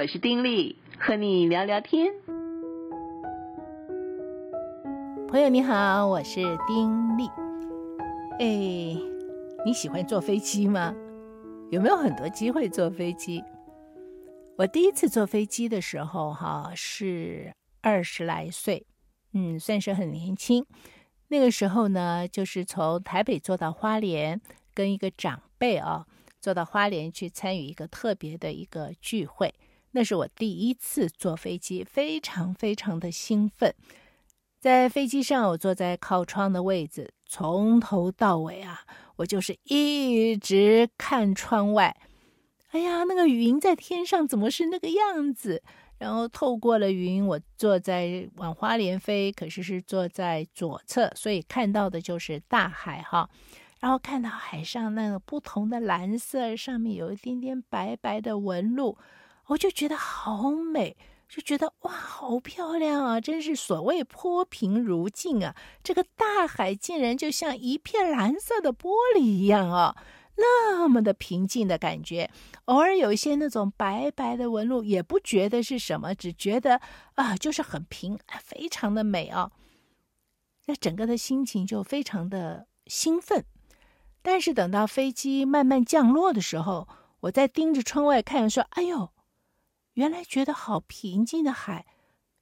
我是丁莉，和你聊聊天。朋友你好，我是丁莉。哎，你喜歡坐飛機嗎？有沒有很多機會坐飛機？我第一次坐飛機的時候、啊，哈，是二十來歲，嗯，算是很年輕。那個時候呢，就是從台北坐到花蓮，跟一個長輩啊，坐到花蓮去參與一個特別的一個聚會。那是我第一次坐飛機，非常非常的興奮。在飛機上，我坐在靠窗的位置，從頭到尾啊，我就是一直看窗外。哎呀，那個雲在天上怎麼是那個樣子？然後透過了雲，我坐在往花蓮飛，可是是坐在左側，所以看到的就是大海哈。然後看到海上那個不同的藍色，上面有一點點白白的紋路。我就覺得好美，就覺得哇，好漂亮啊！真是所謂“波平如鏡”啊，這個大海竟然就像一片藍色的玻璃一樣啊，那麼的平靜的感覺。偶爾有一些那種白白的紋路，也不覺得是什麼，只覺得啊，就是很平，非常的美啊。那整個的心情就非常的興奮。但是等到飛機慢慢降落的時候，我在盯着窗外看，說：“哎呦！”原來覺得好平靜的海，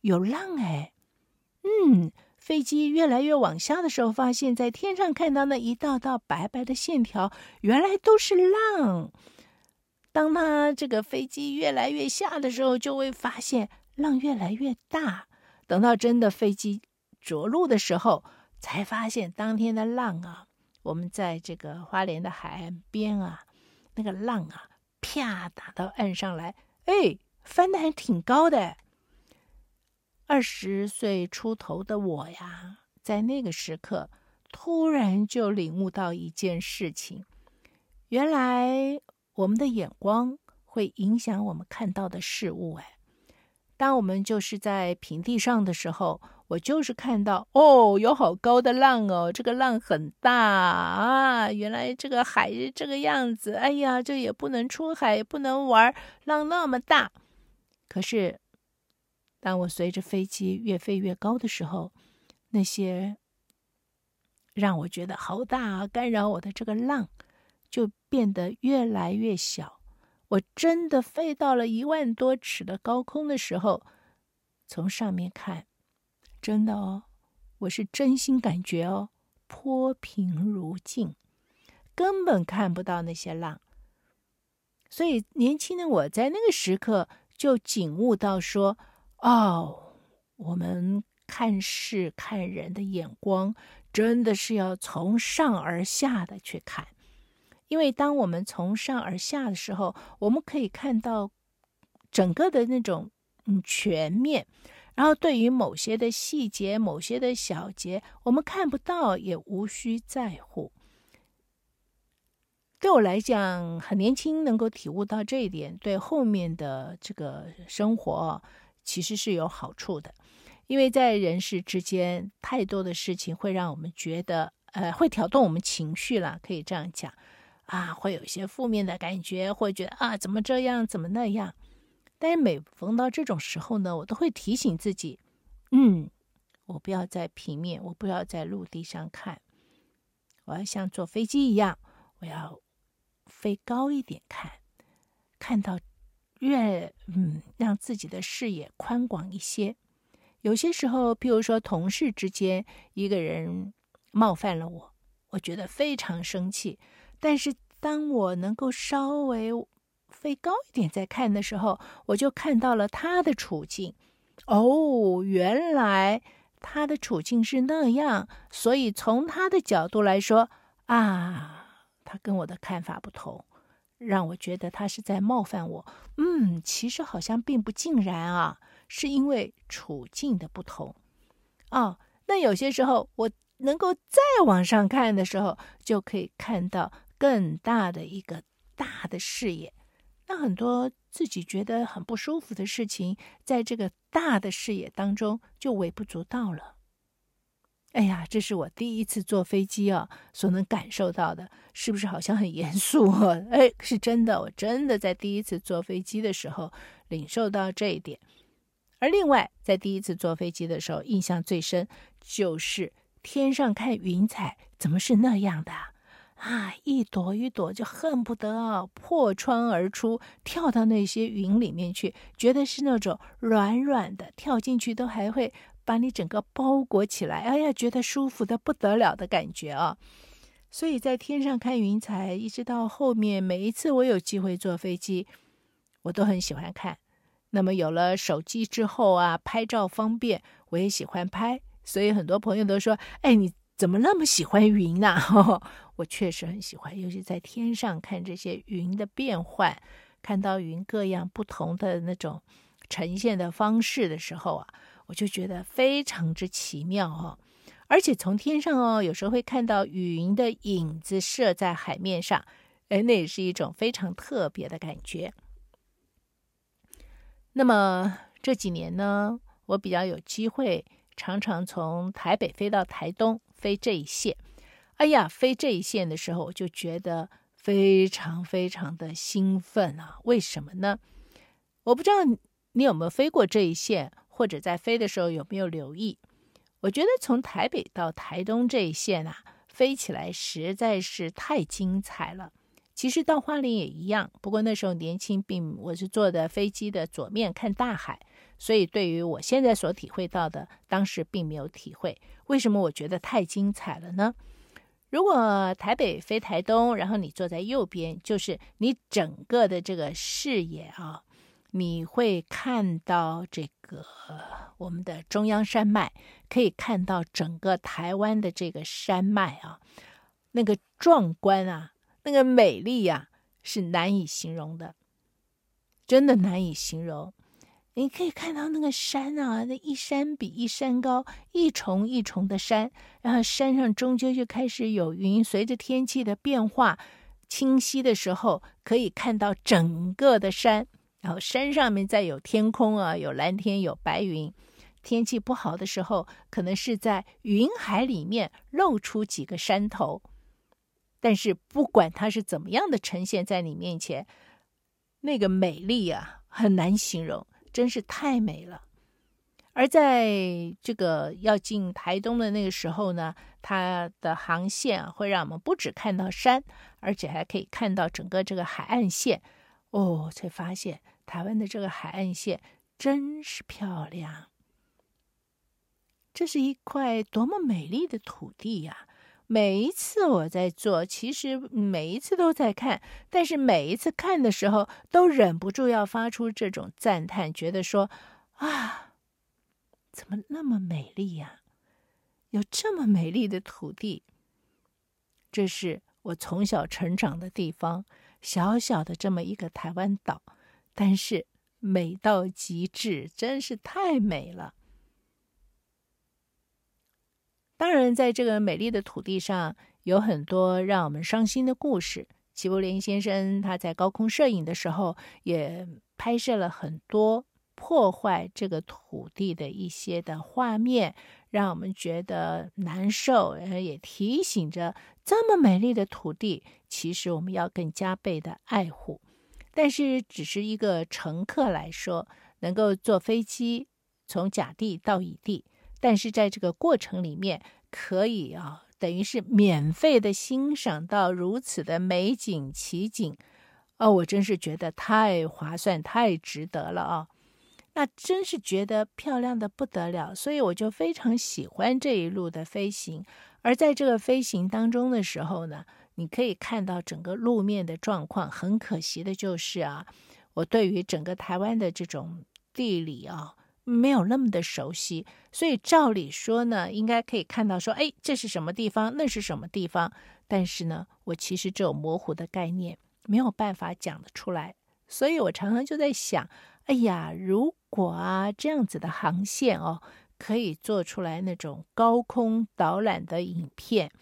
有浪哎，嗯，飛機越來越往下的時候，發現在天上看到那一道道白白的線條，原來都是浪。當他這個飛機越來越下的時候，就會發現浪越來越大。等到真的飛機着陸的時候，才發現當天的浪啊，我們在這個花蓮的海岸邊啊，那個浪啊，啪打到岸上來，哎。翻得還挺高的，哎。二十歲出頭的我呀，在那個時刻，突然就領悟到一件事情：原來我們的眼光會影響我們看到的事物。哎，當我們就是在平地上的時候，我就是看到哦，有好高的浪哦，這個浪很大啊。原來這個海是這個樣子。哎呀，這也不能出海，不能玩，浪那麼大。可是，當我隨着飛機越飛越高的時候，那些讓我覺得好大啊、干擾我的這個浪，就變得越來越小。我真的飛到了一萬多尺的高空的時候，從上面看，真的哦，我是真心感覺哦，波平如鏡，根本看不到那些浪。所以，年輕的我在那個時刻。就醒悟到說：“哦，我們看事看人的眼光，真的是要從上而下的去看。因為當我們從上而下的時候，我們可以看到整個的那種嗯全面。然後對於某些的細節、某些的小節，我們看不到也無需在乎。”對我來講很年輕，能夠體悟到這一點，對後面的這個生活其實是有好處的，因為在人世之間，太多的事情會讓我們覺得，呃，會挑動我們情緒了，可以這樣講，啊，會有一些負面的感覺，會覺得啊，怎麼這樣，怎麼那樣。但是每逢到這種時候呢，我都會提醒自己，嗯，我不要在平面，我不要在陸地上看，我要像坐飛機一樣，我要。飛高一點看，看到越嗯，讓自己的視野寬廣一些。有些時候，譬如說同事之間，一個人冒犯了我，我覺得非常生氣。但是，當我能夠稍微飛高一點再看的時候，我就看到了他的處境。哦，原來他的處境是那樣，所以從他的角度來說啊。他跟我的看法不同，讓我覺得他是在冒犯我。嗯，其實好像並不盡然啊，是因為處境的不同。哦，那有些時候我能夠再往上看的時候，就可以看到更大的一個大的視野。那很多自己覺得很不舒服的事情，在這個大的視野當中就微不足道了。哎呀，這是我第一次坐飛機啊，所能感受到的，是不是好像很嚴肅啊？哎，是真的，我真的在第一次坐飛機的時候領受到這一點。而另外，在第一次坐飛機的時候，印象最深就是天上看雲彩怎麼是那樣的啊，一朵一朵，就恨不得啊破窗而出，跳到那些雲裡面去，覺得是那種軟軟的，跳進去都還會，把你整個包裹起來，哎呀，覺得舒服得不得了的感覺啊、哦！所以，在天上看雲彩，一直到後面，每一次我有機會坐飛機，我都很喜歡看。那麼有了手機之後啊，拍照方便，我也喜歡拍。所以，很多朋友都說：“哎，你怎麼那麼喜歡雲呢、啊？”呵呵，我確實很喜歡，尤其在天上看這些雲的變換，看到雲各樣不同的那種呈現的方式的時候啊。我就覺得非常之奇妙哦，而且從天上哦，有時候會看到雨雲的影子射在海面上，哎，那也是一種非常特別的感覺。那麼這幾年呢，我比較有機會，常常從台北飛到台東，飛這一線。哎呀，飛這一線的時候，我就覺得非常非常的興奮啊！為什麼呢？我不知道你有沒有飛過這一線。或者在飛的時候有沒有留意？我覺得從台北到台東這一線啊，飛起來實在是太精彩了。其實到花蓮也一樣，不過那時候年輕病，並我是坐的飛機的左面看大海，所以對於我現在所體會到的，當時並沒有體會。為什麼我覺得太精彩了呢？如果台北飛台東，然後你坐在右邊，就是你整個的這個視野啊。你會看到這個我們的中央山脈，可以看到整個台灣的這個山脈啊，那個壯觀啊，那個美麗啊，是難以形容的，真的難以形容。你可以看到那個山啊，那一山比一山高，一重一重的山，然後山上終究就開始有雲，隨着天氣的變化，清晰的時候可以看到整個的山。然後山上面再有天空啊，有藍天，有白雲。天氣不好的時候，可能是在雲海裡面露出幾個山頭。但是不管它是怎麼樣的呈現在你面前，那個美麗啊，很難形容，真是太美了。而在這個要進台東的那個時候呢，它的航線啊，會讓我們不止看到山，而且還可以看到整個這個海岸線。哦，才發現。台灣的這個海岸線真是漂亮，這是一塊多麼美麗的土地呀！每一次我在坐，其實每一次都在看，但是每一次看的時候，都忍不住要發出這種讚嘆，覺得說：“啊，怎麼那麼美麗呀？有這麼美麗的土地，這是我從小成長的地方。小小的這麼一個台灣島。”但是美到極致，真是太美了。當然，在這個美麗的土地上，有很多讓我們傷心的故事。齊柏林先生他在高空攝影的時候，也拍攝了很多破壞這個土地的一些的畫面，讓我們覺得難受，然後也提醒着：這麼美麗的土地，其實我們要更加倍的愛護。但是，只是一個乘客來說，能夠坐飛機從甲地到乙地，但是在這個過程裡面，可以啊，等於是免費的欣賞到如此的美景奇景，哦，我真是覺得太划算，太值得了啊！那真是覺得漂亮的不得了，所以我就非常喜歡這一路的飛行。而在這個飛行當中的時候呢，你可以看到整個路面的狀況。很可惜的就是啊，我對於整個台灣的這種地理啊，沒有那麼的熟悉。所以照理說呢，應該可以看到說，哎，這是什麼地方，那是什麼地方。但是呢，我其實只有模糊的概念，沒有辦法講得出來。所以我常常就在想，哎呀，如果啊，這樣子的航線哦，可以做出來那種高空導覽的影片。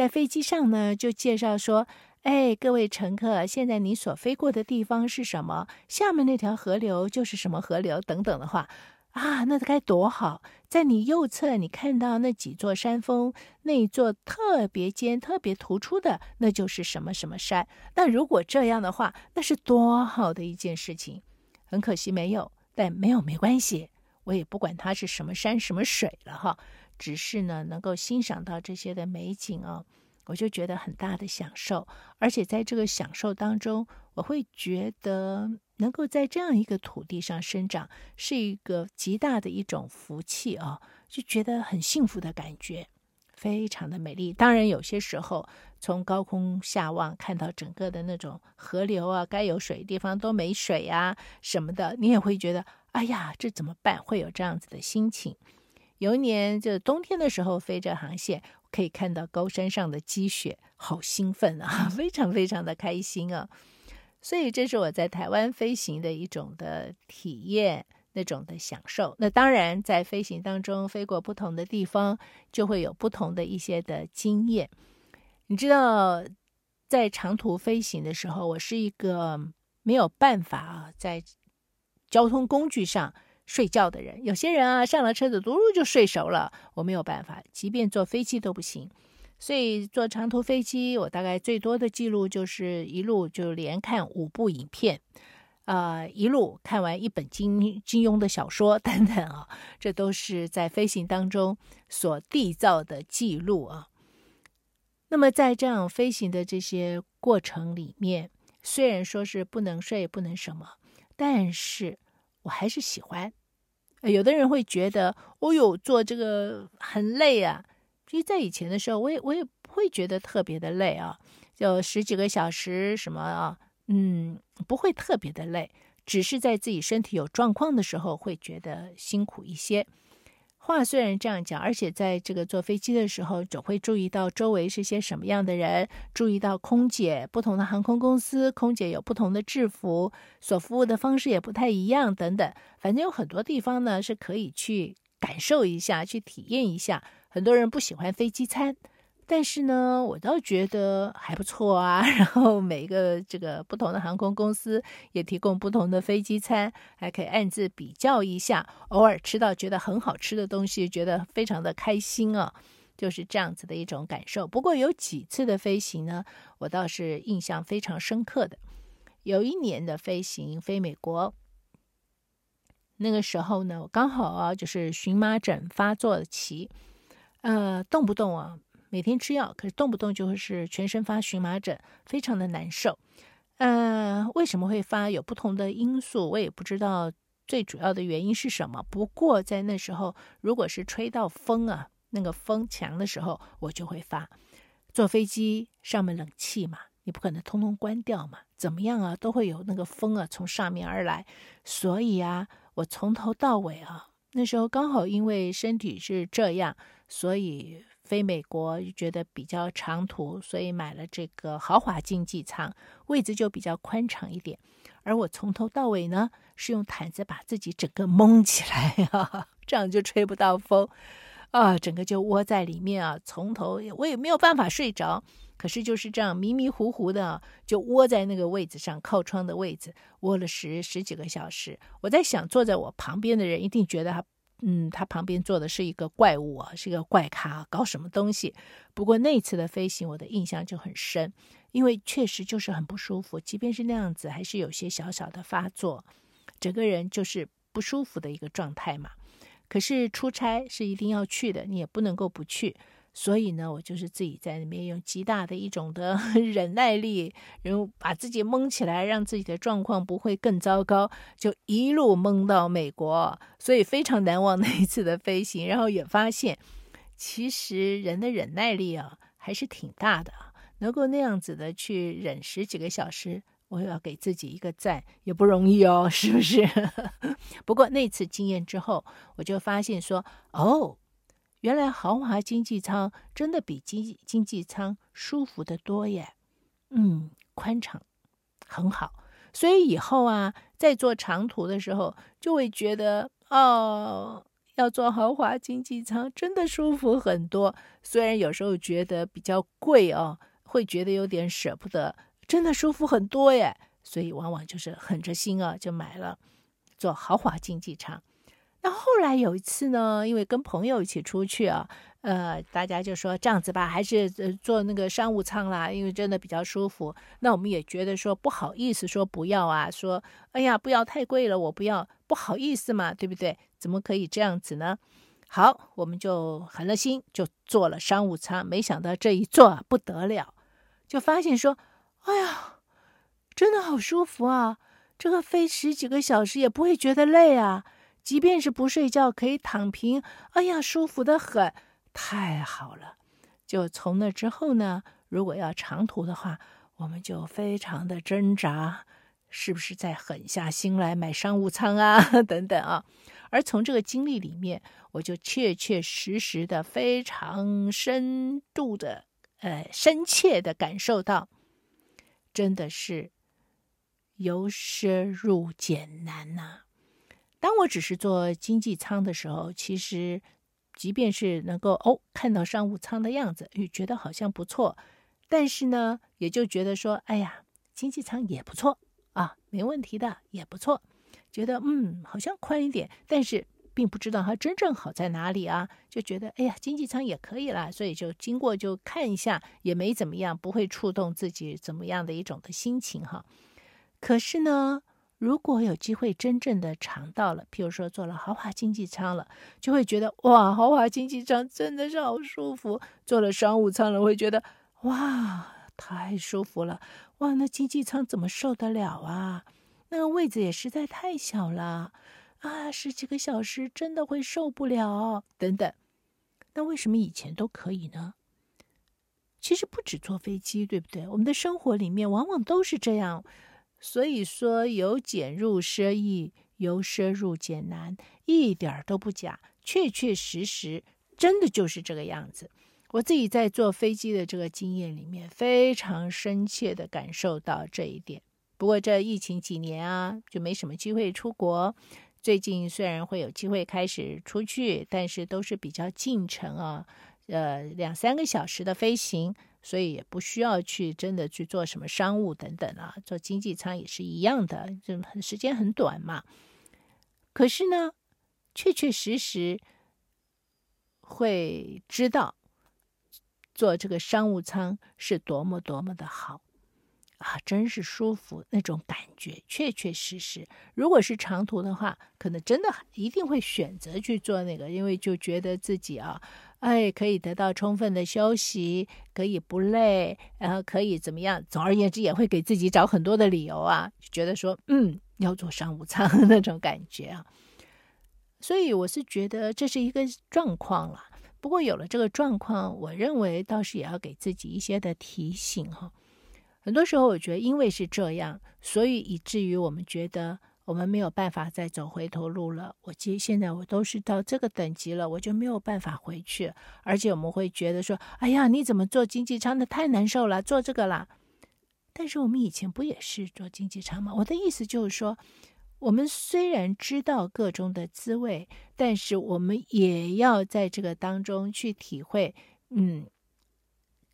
在飛機上呢，就介紹說：“哎，各位乘客，現在你所飛過的地方是什麼？下面那條河流，就是什麼河流等等的話，啊，那該多好！在你右側，你看到那幾座山峰，那一座特別尖、特別突出的，那就是什麼什麼山。那如果這樣的話，那是多好的一件事情！很可惜沒有，但沒有沒關係，我也不管它是什麼山、什麼水了哈。”只是呢，能夠欣賞到這些的美景哦，我就覺得很大的享受，而且在這個享受當中，我會覺得能夠在這樣一個土地上生長，是一個極大的一種福氣哦，就覺得很幸福的感覺，非常的美麗。當然，有些時候從高空下望，看到整個的那種河流啊，該有水的地方都沒水呀、啊、什麼的，你也會覺得，哎呀，這怎麼辦？會有這樣子的心情。有一年，就冬天的時候，飛這航線，可以看到高山上的積雪，好興奮啊，非常非常的開心啊。所以，這是我在台灣飛行的一種的體驗，那種的享受。那當然，在飛行當中，飛過不同的地方，就會有不同的一些的經驗。你知道，在長途飛行的時候，我是一個沒有辦法啊，在交通工具上。睡覺的人，有些人啊上了車子嘟嚕，就睡熟了，我沒有辦法，即便坐飛機都不行。所以坐長途飛機，我大概最多的記錄就是一路就連看五部影片。啊、呃，一路看完一本金金庸的小說等等啊，這都是在飛行當中所締造的記錄啊。那麼在這樣飛行的這些過程裡面，雖然說是不能睡不能什麼，但是我還是喜歡。呃，有的人會覺得，哦喲，做這個很累啊。其實在以前的時候，我也我也不會覺得特別的累啊，就十幾個小時什麼啊，嗯，不會特別的累，只是在自己身體有狀況的時候，會覺得辛苦一些。話雖然這樣講，而且在這個坐飛機的時候，總會注意到周圍是些什麼樣的人，注意到空姐，不同的航空公司空姐有不同的制服，所服務的方式也不太一樣，等等。反正有很多地方呢，是可以去感受一下，去體驗一下。很多人不喜歡飛機餐。但是呢，我倒覺得還不錯啊。然後每個這個不同的航空公司也提供不同的飛機餐，還可以暗自比較一下。偶爾吃到覺得很好吃的東西，覺得非常的開心啊，就是這樣子的一種感受。不過有幾次的飛行呢，我倒是印象非常深刻的。有一年的飛行飛美國，那個時候呢，我剛好啊就是蕁麻疹發作期，呃，動不動啊。每天吃藥，可是動不動就會是全身發蕁麻疹，非常的難受。嗯、呃，為什麼會發？有不同的因素，我也不知道最主要的原因是什麼。不過在那時候，如果是吹到風啊，那個風強的時候，我就會發。坐飛機上面冷氣嘛，你不可能通通關掉嘛，怎麼樣啊，都會有那個風啊從上面而來。所以啊，我從頭到尾啊，那時候剛好因為身體是這樣，所以。飛美國就覺得比較長途，所以買了這個豪華經濟艙，位置就比較寬敞一點。而我從頭到尾呢，是用毯子把自己整個蒙起來哈哈、啊，這樣就吹不到風，啊，整個就窩在裡面啊。從頭我也沒有辦法睡着，可是就是這樣迷迷糊糊的、啊，就窩在那個位置上，靠窗的位置，窩了十十幾個小時。我在想，坐在我旁邊的人一定覺得他。嗯，他旁邊坐的是一個怪物啊，是一個怪咖，搞什麼東西？不過那次的飛行，我的印象就很深，因為確實就是很不舒服，即便是那樣子，還是有些小小的發作，整個人就是不舒服的一個狀態嘛。可是出差是一定要去的，你也不能夠不去。所以呢，我就是自己在那邊用極大的一種的忍耐力，然後把自己蒙起來，讓自己的狀況不會更糟糕，就一路蒙到美國。所以非常難忘那一次的飛行，然後也發現，其實人的忍耐力啊還是挺大的，能夠那樣子的去忍十幾個小時，我要給自己一個讚，也不容易哦，是不是？ 不過那次經驗之後，我就發現說，哦。原來豪華經濟艙真的比經經濟艙舒服得多耶，嗯，寬敞，很好。所以以後啊，在坐長途的時候，就會覺得哦，要坐豪華經濟艙真的舒服很多。雖然有時候覺得比較貴哦，會覺得有點捨不得，真的舒服很多耶。所以往往就是狠着心啊，就買了坐豪華經濟艙。那後來有一次呢，因為跟朋友一起出去啊，呃，大家就說這樣子吧，還是呃坐那個商務艙啦，因為真的比較舒服。那我們也覺得說不好意思，說不要啊，說哎呀，不要太貴了，我不要，不好意思嘛，對不對？怎麼可以這樣子呢？好，我們就狠了心，就坐了商務艙。沒想到這一坐不得了，就發現說，哎呀，真的好舒服啊，這個飛十幾個小時也不會覺得累啊。即便是不睡覺，可以躺平，哎呀，舒服的很，太好了。就從那之後呢，如果要長途的話，我們就非常的掙扎，是不是再狠下心來買商務艙啊？等等啊。而從這個經歷裡面，我就確確實實的、非常深度的、呃，深切的感受到，真的是由奢入儉難啊。當我只是坐經濟艙的時候，其實即便是能夠哦看到商務艙的樣子，也覺得好像不錯，但是呢，也就覺得說，哎呀，經濟艙也不錯啊，沒問題的，也不錯，覺得嗯，好像寬一點，但是並不知道它真正好在哪裡啊，就覺得哎呀，經濟艙也可以啦，所以就經過就看一下，也沒怎麼樣，不會觸動自己怎麼樣的一種的心情哈。可是呢。如果有機會真正的嘗到了，譬如說坐了豪華經濟艙了，就會覺得哇，豪華經濟艙真的是好舒服；坐了商務艙了，會覺得哇，太舒服了。哇，那經濟艙怎麼受得了啊？那個位置也實在太小了啊，十幾個小時真的會受不了。等等，那為什麼以前都可以呢？其實不止坐飛機，對不對？我們的生活裡面往往都是這樣。所以說，由儉入奢易，由奢入儉難，一點都不假，確確實實，真的就是這個樣子。我自己在坐飛機的這個經驗裡面，非常深切地感受到這一點。不過這疫情幾年啊，就沒什麼機會出國。最近雖然會有機會開始出去，但是都是比較近程啊，呃，兩三個小時的飛行。所以也不需要去真的去做什麼商務等等啊，坐經濟艙也是一樣的，就時間很短嘛。可是呢，確確實實會知道坐這個商務艙是多麼多麼的好。啊，真是舒服那種感覺，確確實實。如果是長途的話，可能真的一定會選擇去做那個，因為就覺得自己啊，哎，可以得到充分的休息，可以不累，然後可以怎麼樣？總而言之，也會給自己找很多的理由啊，就覺得說，嗯，要坐商務艙那種感覺啊。所以我是覺得這是一個狀況了。不過有了這個狀況，我認為倒是也要給自己一些的提醒哈、哦。很多時候，我覺得因為是這樣，所以以至於我們覺得我們沒有辦法再走回頭路了。我其實現在我都是到這個等級了，我就沒有辦法回去。而且我們會覺得說：“哎呀，你怎麼坐經濟艙的太難受了，坐這個啦。”但是我們以前不也是坐經濟艙嗎？我的意思就是說，我們雖然知道個中的滋味，但是我們也要在這個當中去體會，嗯。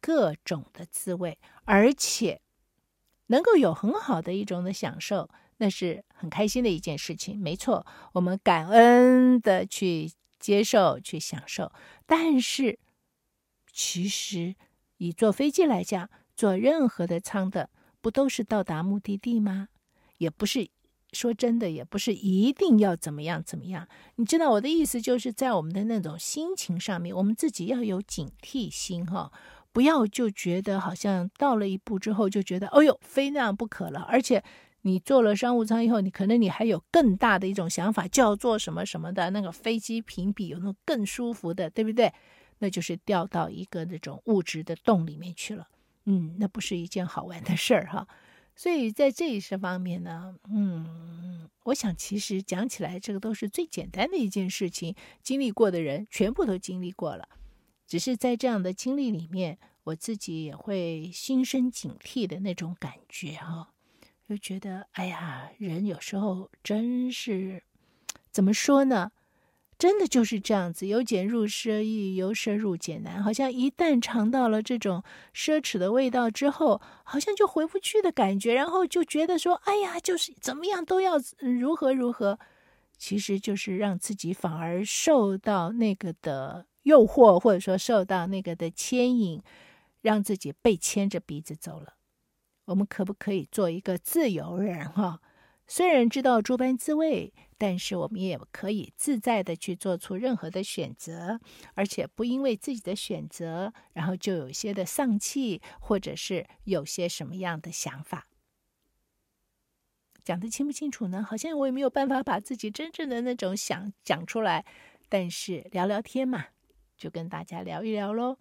各種的滋味，而且能夠有很好的一種的享受，那是很開心的一件事情。沒錯，我們感恩的去接受、去享受。但是，其實以坐飛機來講，坐任何的艙的，不都是到達目的地嗎？也不是說真的，也不是一定要怎麼樣怎麼樣。你知道我的意思，就是在我們的那種心情上面，我們自己要有警惕心，哦，哈。不要就覺得好像到了一步之後就覺得，哦呦，非那樣不可了。而且你坐了商務艙以後，你可能你還有更大的一種想法，叫做什麼什麼的那個飛機評比有那更舒服的，對不對？那就是掉到一個那種物質的洞裡面去了。嗯，那不是一件好玩的事兒哈。所以在這一些方面呢，嗯，我想其實講起來這個都是最簡單的一件事情，經歷過的人全部都經歷過了。只是在這樣的經歷裡面，我自己也會心生警惕的那種感覺哈、哦，就覺得哎呀，人有時候真是怎麼說呢？真的就是這樣子，由儉入奢易，由奢入儉難。好像一旦嘗到了這種奢侈的味道之後，好像就回不去的感覺，然後就覺得說，哎呀，就是怎麼樣都要、嗯、如何如何，其實就是讓自己反而受到那個的。誘惑，或者說受到那個的牽引，讓自己被牽着鼻子走了。我們可不可以做一個自由人啊？雖然知道諸般滋味，但是我們也可以自在的去做出任何的選擇，而且不因為自己的選擇，然後就有些的喪氣，或者是有些什麼樣的想法。講得清不清楚呢？好像我也沒有辦法把自己真正的那種想講出來，但是聊聊天嘛。就跟大家聊一聊咯。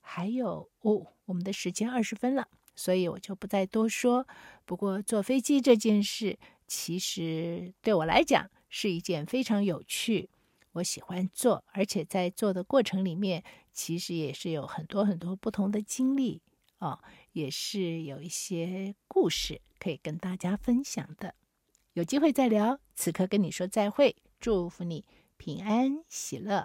還有哦，我們的時間二十分了，所以我就不再多說。不過坐飛機這件事，其實對我來講是一件非常有趣，我喜歡坐，而且在坐的過程裡面，其實也是有很多很多不同的經歷啊，哦，也是有一些故事可以跟大家分享的。有機會再聊，此刻跟你說再會，祝福你平安喜樂。